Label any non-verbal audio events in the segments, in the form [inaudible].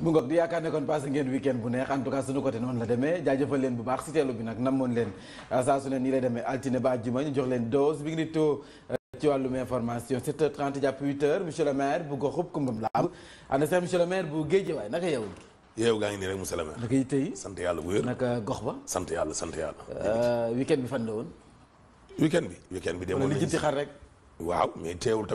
mu ngoog di yaakaar ne kon passé ngeen weekend bu neex en tout cas suñu côté noonu la demee jaajëfal leen bu baax si teelu bi nag namoon leen saa su ne nii lay demee altine ba àjjuma ñu jox leen dose bi ngi ni too ci maire bu goxub Kumbam Lamb ànd sax monsieur gaa ngi nii rek monsieur le maire. naka tey sant yàlla bu wér naka gox ba. sant yàlla sant yàlla. Euh, weekend bi fan la woon. weekend bi weekend bi demoon nañu si li xar rek. waaw mais teewul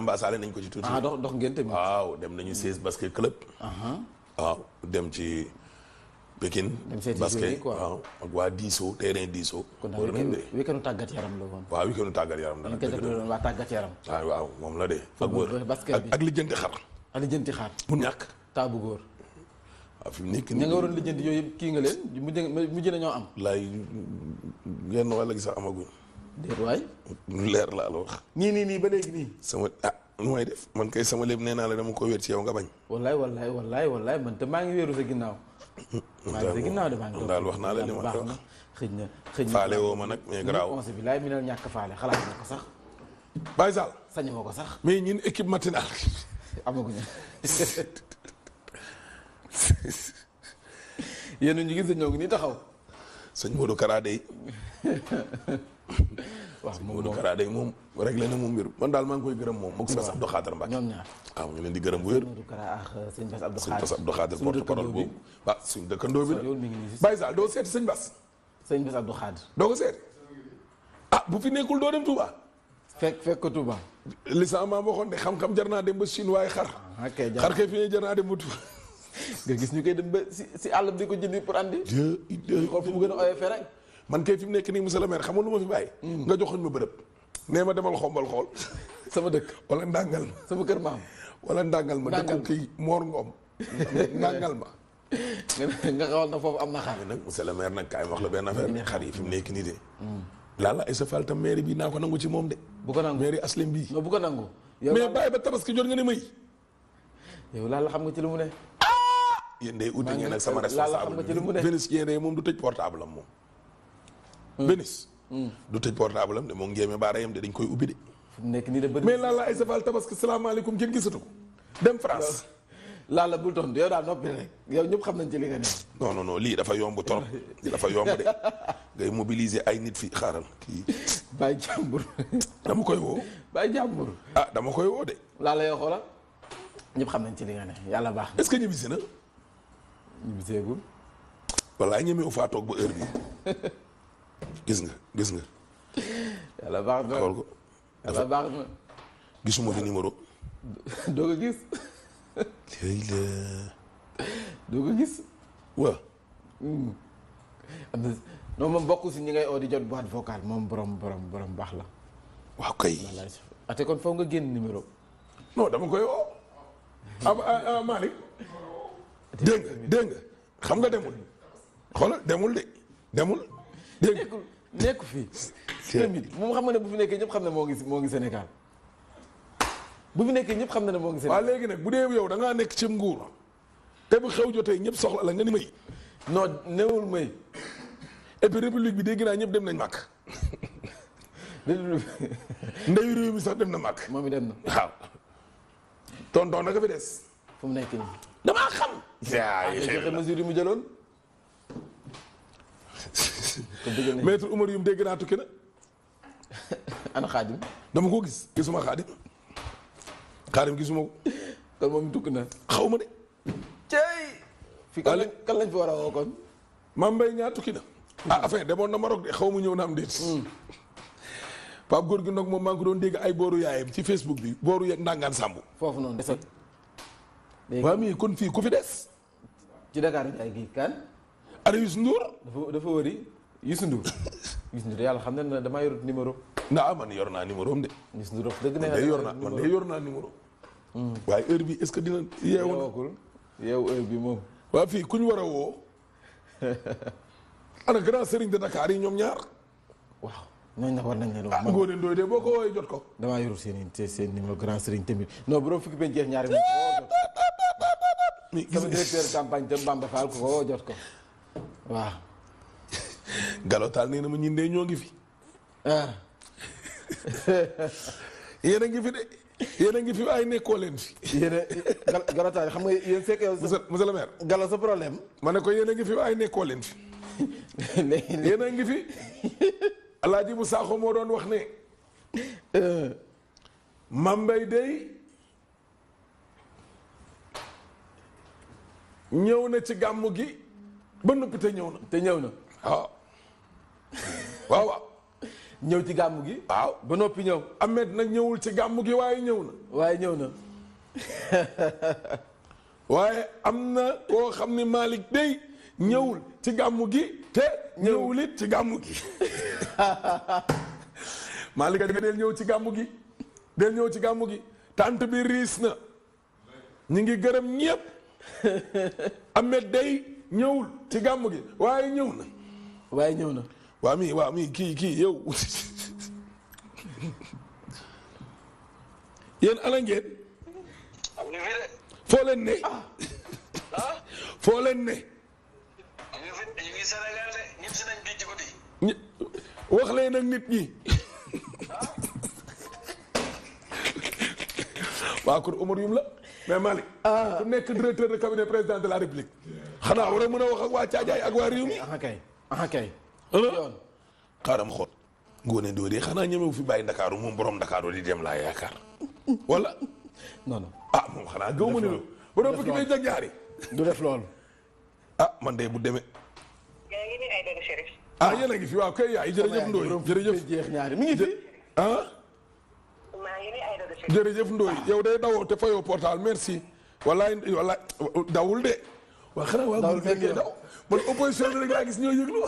ambassade nañ ko ci tuuti. ah dox dox ngeen tamit. waaw dem nañu 16 hmm. basket club. Uh-huh. waaw dem ci Pékin. dem seeti basket waaw ak waa diisoo terrain diisoo. kon daal weekend waaw weekend tàggat tàggat yaram. waaw moom la de. ak wër basket ak lijjanti xar. ak lijjanti xar. mu ñàkk taabu góor. waaw fi mu nekk nii nga waroon lijjanti yooyu yëpp kii nga leen mujj mujj nañoo am. laay genn wàll gi sax amaguñ. déet waay. lu leer laa wax. nii nii nii ba léegi nii. sama ah nu may def man kay sama lépp nee naa la dama ko wér ci yow nga bañ. wallaay wallaay wallaay wallaay man te maa ngi wéeru sa ginnaaw. [laughs] maa ngi sa ginnaaw de maa ngi daal wax naa la li ma na xëj na ma nag mais mi ñàkk faale xalaat na ko sax. Baye Sall. sañ ma ko sax. mais ñun équipe matinale. [laughs] amaguñu. [laughs] yéen ñu ngi sa ñoo ngi nii taxaw. sëñ Modou Kara dey [laughs] waaw Modou Kara day moom réglé na moom mbir daal maa ngi koy gërëm moom mook Sëñ Bass Abdou Khadre Mbacké ñoom ñaar waaw ah, ñu leen di gërëm bu wér Modou Kara ak euh, Sëñ Bass Abdou Khadre porte parole boobu waaw ah, doo seeti Sëñ Bass Sëñ Bass Abdou Khadre doo ko seeti ah bu fi nekkul doo dem Touba fekk fekk ko Touba li sama maam waxoon ne xam-xam jar naa dem ba Chine waaye xar ah, xar kay fi ne jar naa dem ba Touba [laughs] nga gis ñu koy dem ba si si àll bi di ko jëndi pour andi xool fu mu gën a oyofee rek man kay fi mu nekk nii monsieur le maire xamul lu ma fi bàyyi. Hmm. nga joxoon ma bërëb. nee ma demal xombal xool. [laughs] sama dëkk wala ndàngal ma. sama kër wala ndàngal ma. ndàngal ma dëkku kii Mor Ngom. ndàngal ma. [laughs] nga na foofu am na xar. nag monsieur le maire yi fi mu nekk nii de. Hmm. laala Aïssa Fall tam maire bi naa ko nangu ci moom de. bu ko Aslim bii. ko nangu. mais bàyyi ba tabaski jot nga ne may. yow laala xam nga ci lu mu ne. Ah! yéen day uti ngeen ak sama responsable. laala xam nga lu mu ne moom du tëj portable am moom Bénis. du tëj portable am de moom ngéeme baarayam de dañ koy ubbi de. nekk nii de bëri mais Lalla Aïssa Fall tabaski salaamaaleykum kenn gisatu ko dem France. Lalla bul tontu yow daal noppi rek yow ñëpp xam nañ ci li nga ne. non lii dafa yomb trop lii dafa yomb de ngay mobiliser ay nit fii xaaral kii. Baye jàmbur. dama koy woo. Baye jàmbur. ah dama koy woo de. Lalla yow xoolal xam nañ ci li nga yàlla baax na. est-ce que ñibbisi na. ñibbiseegul. walaay ñemewu faa toog ba heure bi [laughs] gis nga gis nga. yàlla baax na xool ko. yàlla baax na gisuma fi numéro. doo ko gis. léegi la. ko gis. waaw. Hmm. am na si ñi ngay oo jot boîte vocale moom borom borom baax la. waaw kay. ate kon foog nga génn numéro. non dama koy oo. ah ah, ah Malick. dégg nga dégg nga xam nga demul. xoolal demul de demul. nekkul nekku fii. moom xam nga ne bu fi nekkee ñëpp xam ne moo ngi moo ngi Sénégal bu fi nekkee ñëpp xam na ne moo ngi Sénégal. léegi nag bu dee yow da nekk ci nguur te bu xew jotee ñëpp soxla la nga ni may. non newul may. et république bi dégg naa ñëpp dem nañ màkk. [laughs] ndeyu réew mi sax dem na màkk. moom mi dem na waaw. tonton naka fi des. fu mu nekk nii. damaa xam. yaa ah, yi mu jëloon. maître Oumar Youm dégg naa tukki na. [laughs] ana xaadim. dama ko gis gisuma xaadim xaadim gisuma ko. kon moom tukki na. xaw ma de. cey. fi kan lañ fi war a woo kon. Mame tukki na. ah affaire demoon na Maroc xaw ma ñëw na am góor gi nag moom maa ngi ko doon dégg ay booru yaayam ci Facebook bi booru yeeg Ndangaan Samb. foofu noonu des ku fi des. dafa dafa Youssou Ndour [coughs] Youssou Ndour yàlla xam ne damaa yorut numéro. ah man yor naa numéro am de. Youssou Ndour dëgg na de yor a man de yor naa numéro. Hmm. waaye heure bi est-ce que dina yeewu na yeewu heure moom. waa fii ku ñu war a woo. [laughs] ana grand sëriñ de Dakar yi ñoom ñaar. waaw ñooñu nag war nañ leen wax. ah Ngoné Ndoye de boo ko woowee jot ko. dama yorut seen i seen numéro grand sëriñ tamit non bu doon fukki benn jeex ñaari moom. mais gis nga sama directeur campagne te Bamba Fall ko woo jot ko galotaal nee na ma ñun de ñoo ngi fi. ah. [laughs] a ngi fi de yéen a ngi fi ay nekkoo leen fi. yéen a galotaal xam nga yéen fekk yow. monsieur le maire. galo sa problème. ma ne ko a ngi fi ay nekkoo leen fi. [laughs] yéen a ngi fi. alaaji bu saaxo moo doon wax ne. Euh. mambay day. ñëw na ci gàmmu gi ba noppi ñëw na te ñëw na waaw ah. waaw waaw. ñëw ci gàmm gi. waaw ba noppi ñëw. Ahmed na ñëwul ci gàmm gi waaye ñëw na. waaye ñëw na. [laughs] waaye am na koo xam ne malik day ñëwul ci gàmm gi te. ñëwul it ci gàmm gi. [laughs] Malick ñëw ci gàmm gi. del ñëw ci gàmm gi. tant bi riis na. ñu ngi gërëm ñëpp. [laughs] Ahmed day ñëwul ci gàmm gi waaye ñëw na. waaye ñëw na. waa mi waa mi kii kii yow yéen ala ngeen. foo leen ne. foo ne. wax leen ak nit ñi. waa kon Omar Youm la mais Malick. ku nekk directeur de cabinet président de la République. xanaa war a mën a wax ak waa Caajaay ak waa réew yoon xaaral ma fi bàyyi Ndakaaru borom Ndakaaru di dem laa ah xanaa gëw ma ne loolu. bu ah, man de bu demee. ah yéen ngi fi waaw kay yaay jërëjëf Ndoye jërëjëf jeex ñaari mi ngi fi ah. yow day dawoo te fayoo portal merci. wallaay wallaay dawul de. waaw xanaa waaw bu fekkee daw man opposition bi rek laa gis ñoo yëglu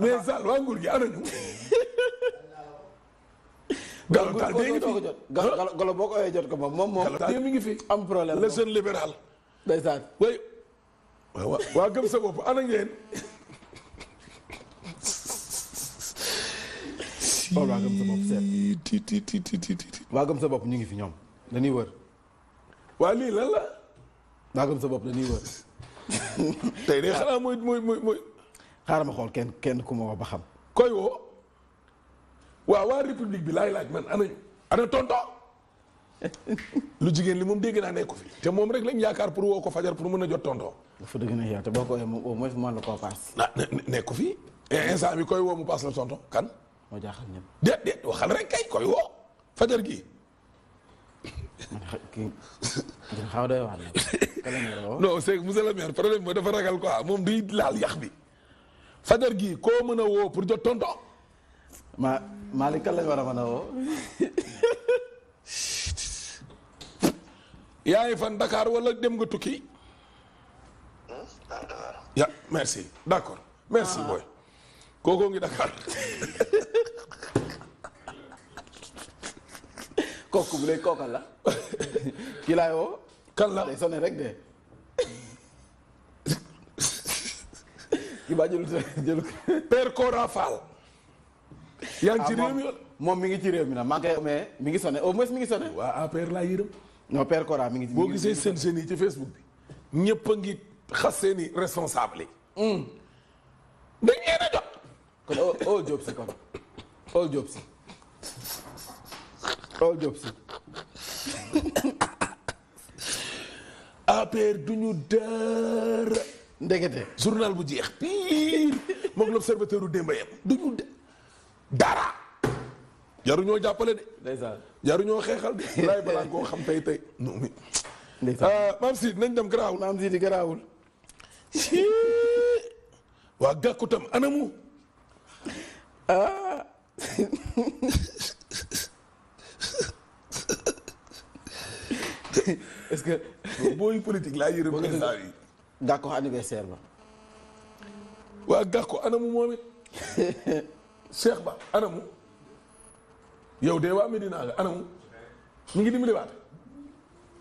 mais Sall waa nguur gi ana ñu. [laughs] Gallo Tall dee ngi fi Gallo Gallo boo ko oyee jot ko moom moom moom. mi ngi fi am problème le jeune libéral. ndeysaan. waaw waaw gëm sa bopp ana ngeen. xool waa gëm sa bopp seet. waa sa bopp ñu ngi fi ñoom dañuy wër. waa lii la. waa sa bopp dañuy wër. [laughs] tey mooy mooy mooy mooy. xaaral ma kenn kenn ku ma woo ba xam. koy woo. waaw waa république bi laay laaj man anañu ana tonton. [laughs] lu jigéen li moom dégg naa nekku fi te moom rek lañ yaakaar pour woo ko fajar pour mën a jot tonton. dafa dëgg na yow te boo ko woo moom au la koo paas. Ah, nekku fi. Eh, instant bi koy woo mu paas la tonton kan. moo jaaxal ñëpp. déet déet waxal rek kay koy woo fajar gi. kii xaw doy waar non c'est monsieur le maire problème mooy dafa ragal quoi moom duy laal yax bi gi koo mën a woo pour jot war a mën a woo. yaay fan Dakar wala dem nga tukki. Hmm? ya merci d'accord merci ah. booy. kookoo ngi Dakar. [laughs] kooku bu lay kookal la [laughs] kii laay woo. kan la day sonné rek de. kii baa jëlu jëlu. Père yaa ngi ci ah, réew moom mi ngi ci réew mi nag maa ngi koy mais mi ngi sonné au moins mi ngi sonné. waaw ah Père laa yërëm. non Père Cora mi ngi ci. boo seen seen yi ci Facebook bi. ñëpp a ngi xas seen i responsable yi. Hmm. dañ leen jot. kon oo oh, oo oh, kon oo oh, Diop Paul Diop du ñu dara. ndekete journal bu jeex pire moom l'observateur u démba yem du ñu dara. jaruñoo jàppale de. ndeysaan jaruñoo xeexal de. [laughs] laay balaa koo xam tey tey. ndeysaan ah, maam si nañ dem garaawul. maam garaawul. waa gàkku tam anamu. Ah. [laughs] [laughs] est-ce que. booy politique laa yërëm président yi. Gàkko anniversaire la. waa Gàkko anamu moom it. [laughs] Cheikh Ba anamu. yow de waa Medina nga anamu. mu ngi dimbali waat.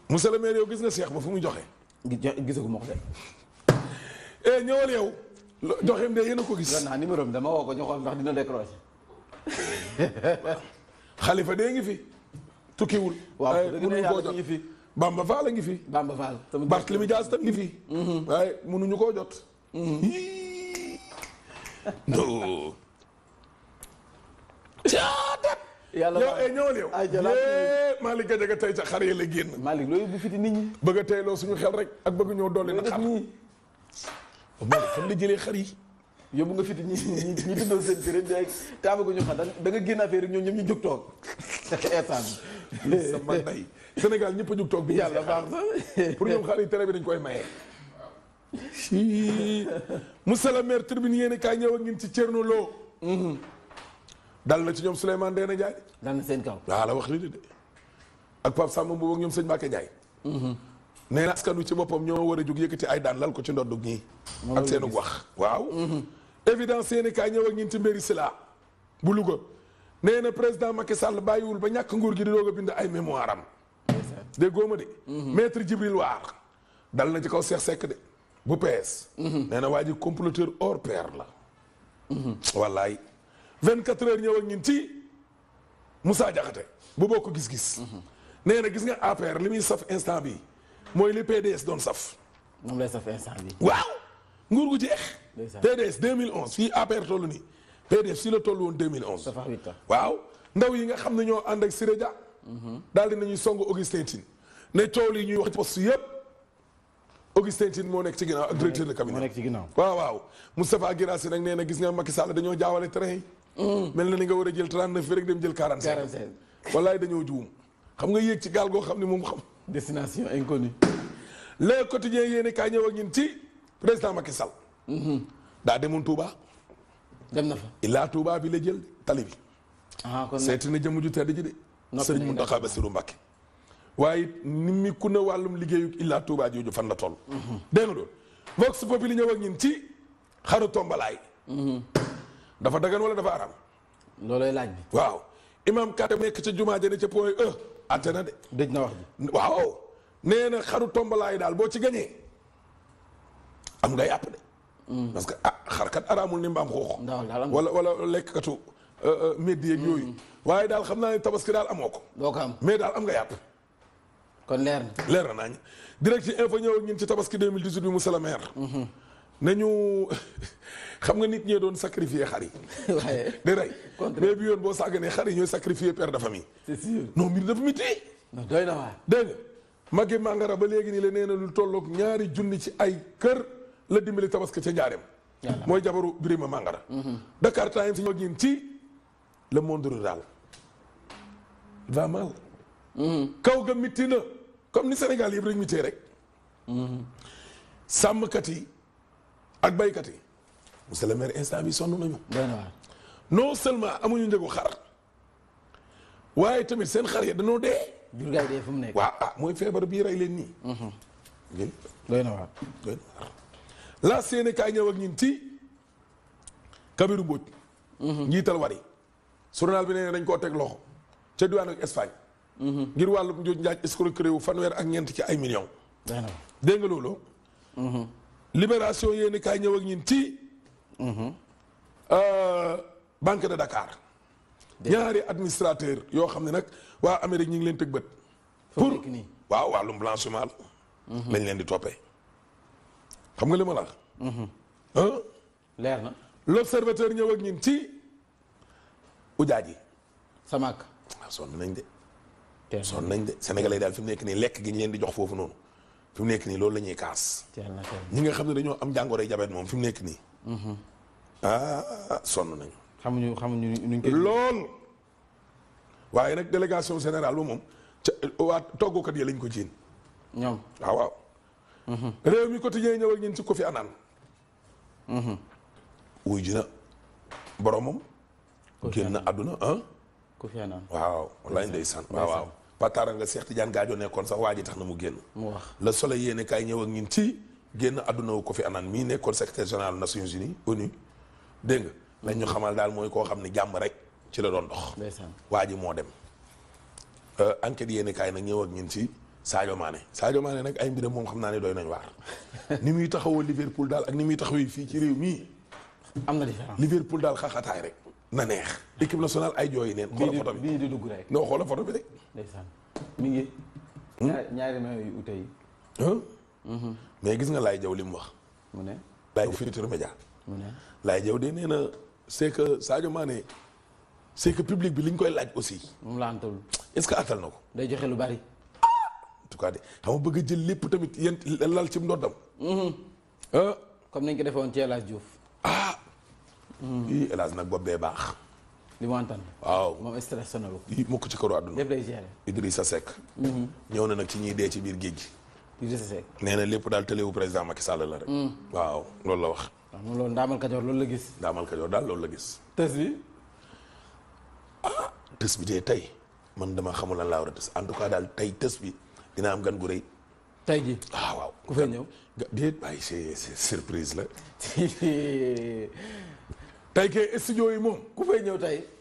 monsieur le maire yow gis nga seex Ba fu mu joxe. gisagu ma ko de. [laughs] eh yow. joxeem de yéen a ko gis. yor naa numéro bi dama woo ko ñu xool xalifa dee ngi fi tukkiwul. waaw eh, dëgg la yàlla fi Bamba Fall a ngi fi. Bamba Fall tamit Barthélemy Dias tam ngi fi. Mhm. waaye mënuñu koo jot. Mhm. non. yàlla yow eh, ñëwal yow. ay tey ca xar yi la génn. Malick loolu bu fiti nit ñi. bëgg a teyloo suñu xel rek ak bëgg ñëw dolli na xar. Malick fan la jëlee xar yi. yóbbu nga fiti ñi ñi ñi bindoon seen kër yi taabaguñu xar da nga génn affaire yi ñoom ñoom ñu jóg toog [laughs] sama ndey. Sénégal ñëpp a jug toog bi yàlla baax na pour ñoom xaalis tere bi dañ koy maye. si Moussa la yéen a kaay ñëw ci Thierno Lo. Mhm. dal na ci ñoom Souleymane Ndéné Ndiaye. dal na seen kaw waaw la wax li de ak ñoom sëñ Mbacke Ndiaye. Mhm. nee na askan wi ci boppam ñoo war a jug yëkkati ay daan lal ko ci ndoddug ñii. ak seenug wax waaw. évidence mhm. yéen ñëw ak ci Mbéri Sila bu nee na président Macky Sall bàyyiwul ba ñàkk nguur gi di doog a bind ay mémoire dégg góoma de. maître Djibril Waar dal na ci kaw seex Seck de bu PS. nee na waa ji comploteur hors pair la. wallaay 24 heures ñëw ak ñun ci Moussa Diakhaté bu bokk gis-gis. nee na gis nga APR li muy saf instant bi mooy li PDS doon saf. moom lay saf instant bi waaw nguur gu jeex. PDS 2011 fii APR toll nii PDS fii la toll woon waaw ndaw yi nga xam ne ñoo ànd ak Siré Dia daal dinañuy song Augustin Tine ne coow lii ñuy wax ci poste yëpp Augustin Tine moo nekk ci ginnaaw ak directeur de cabinet nekk ci ginnaaw waaw waaw Moustapha Guirassy nag nee na gis nga Macky Sall dañoo jaawale train mm. mel na ni nga war a jël 39 bi rek dem jël 45 wallaay dañoo juum xam nga yéeg ci gaal goo xam ne moom xam destination inconnue les quotidiens yéeni kaay ñëw ak ñun ci président Macky Sall mm-hmm. daa demoon Touba na fa illaa Touba bi la jël tali bi ah kon seeti na jëmm ju tedd ji de sëriñ Mountakha Bassirou ba waaye ni mi ku ne wàllum liggéeyu Ila Touba jooju fan la toll mhm. dégg nga loolu vox populi ñëw ak ñin ci xaru tombalaay mhm. dafa dagan wala dafa aram loolooy laaj bi waaw imam Kate nekk ca jumaa ja ca point e atte na de na wax ji waaw nee xaru tombalaay daal boo ci gañee am ngay àpp de mhm. parce que ah xarkat araamul ni mbaam xuux wala wala lekkatu Euh, euh, meddi yeeg yooyu. Mm-hmm. waaye daal xam naa ne tabaski daal amoo ko. doo am mais daal am nga yàpp. kon leer na leer na nañu. direct ci info ñëw ñun ci tabaski 2018 bi monsieur le maire. Mm-hmm. nañu [laughs] xam nga nit ñee doon sacrifier xar yi. [laughs] waaye rey. mais bi yoon boo sàgganee xar yi ñooy sacrifier père de famille. c'est sûr non dafa miti. doy na waay ba léegi nii la nee na lu tolloog ñaari junni ci ay kër la dimbali tabaski ca njaareem. mooy jabaru Birima Mangara. Mm-hmm. Dakar Times ñoo ñëw ci. le monde rural va ni Sénégal yëpp rek mittee rek. yi ak baykat yi monsieur le instant bi sonn nañu. non seulement amuñu njëgu xar tamit seen xar ya danoo dee. mu ah, mooy feebar bii rey leen nii. Mhm. ngeen. doy na waar ñëw ak ñun ci Kabirou Mbodj. Mhm. njiital wari. journal bi nee dañ koo teg loxo ca diwaanu Espagne. Mhm. ngir wàllum njuuj njaaj escroquerie wu fanweer ak ñeent ci ay millions. dégg nga loolu. Mhm. libération yéen kaay ñëw ak ci. Mhm. Euh, banque de Dakar. ñaari administrateur yoo xam ne nag waa Amérique ñi ngi leen tëg bët. pour waaw wàllu blanchiment la. lañ leen di toppee. xam nga li ma la. leer na. ci. ujaaj yi. Samak. waaw ah, sonn nañ de. teel sonn nañ de Sénégalais daal fi nekk nii lekk gi ñu leen di jox foofu noonu fi nekk nii loolu la ñuy kaas. ñi nga xam ne dañoo am jàngoroy jabet moom fi mu nekk nii. Mm-hmm. ah sonn nañu. xamuñu xamuñu lool waaye nag délégation générale ba moom ca waa yi lañ ko jiin. ñoom ah, waaw waaw. Mm-hmm. réew mi quotidien ñëw ak ñun ci Kofi Annan. Mm-hmm. wuy ji na boromam. génn àdduna ah. Kofiana waaw walaay ndeysaan waaw waaw. Patara nga Cheikh Tidiane Gadio nekkoon sax waa ji tax na mu génn. mu wax le soleil yéen kaay ñëw ak ci génn àdduna wu Kofi Annan mii nekkoon secrétaire général Nations Unies ONU dégg nga. lañ ñu xamal daal mooy koo xam ne jàmm rek ci la doon dox. ndeysaan waa ji moo dem. Euh, enquête yéen kaay nag ñëw ak ñun ci Sadio Mané Sadio Mané rek ay mbiram moom xam naa ne doy nañ waar. [laughs] ni muy taxawoo Liverpool daal ak ni muy taxawee fii ci réew mii. am na différence Liverpool daal xaxataay rek. na neex équipe nationale ay jooy neen. xoolal photo bi bii di dugg rek. non xoolal photo bi rek. ndeysaan mi ngi. Hmm? ñaari mhm. mais gis nga Laye Diaw li mu wax. mu ne. Laye Futurs Médias. mu ne na c'est que Sadio Mané c'est que bi li koy laaj aussi. moom la ce que attal ko. day joxe lu bari. en tout cas de xam nga bëgg a jël lépp tamit lal ci ndoddam. Mhm. comme nañ ko defee woon ci El Mmh. ii hélas nag bopp bee baax. li mu antan waaw moom stress sonalu ko. mukk ci këru àdduna. lépp day gérer Idrissa mmh. ñëw na nag ci ñiy dee ci biir géej gi. Idrissa Seck nee na lépp daal tëlewu président Macky Sall la rek. Mmh. waaw loolu la wax. waaw moom loolu Ndaamal Kajoor loolu la gis. Ndaamal Kajoor la gis. tës bi. ah tës bi de man dama xamul lan laa war en tout cas daal tey tës bi dina am gan gu rëy. tey jii ah waaw ku fay ñëw. déet bàyyi surprise la. [laughs] tey kay studio yi moom ku fay ñëw tey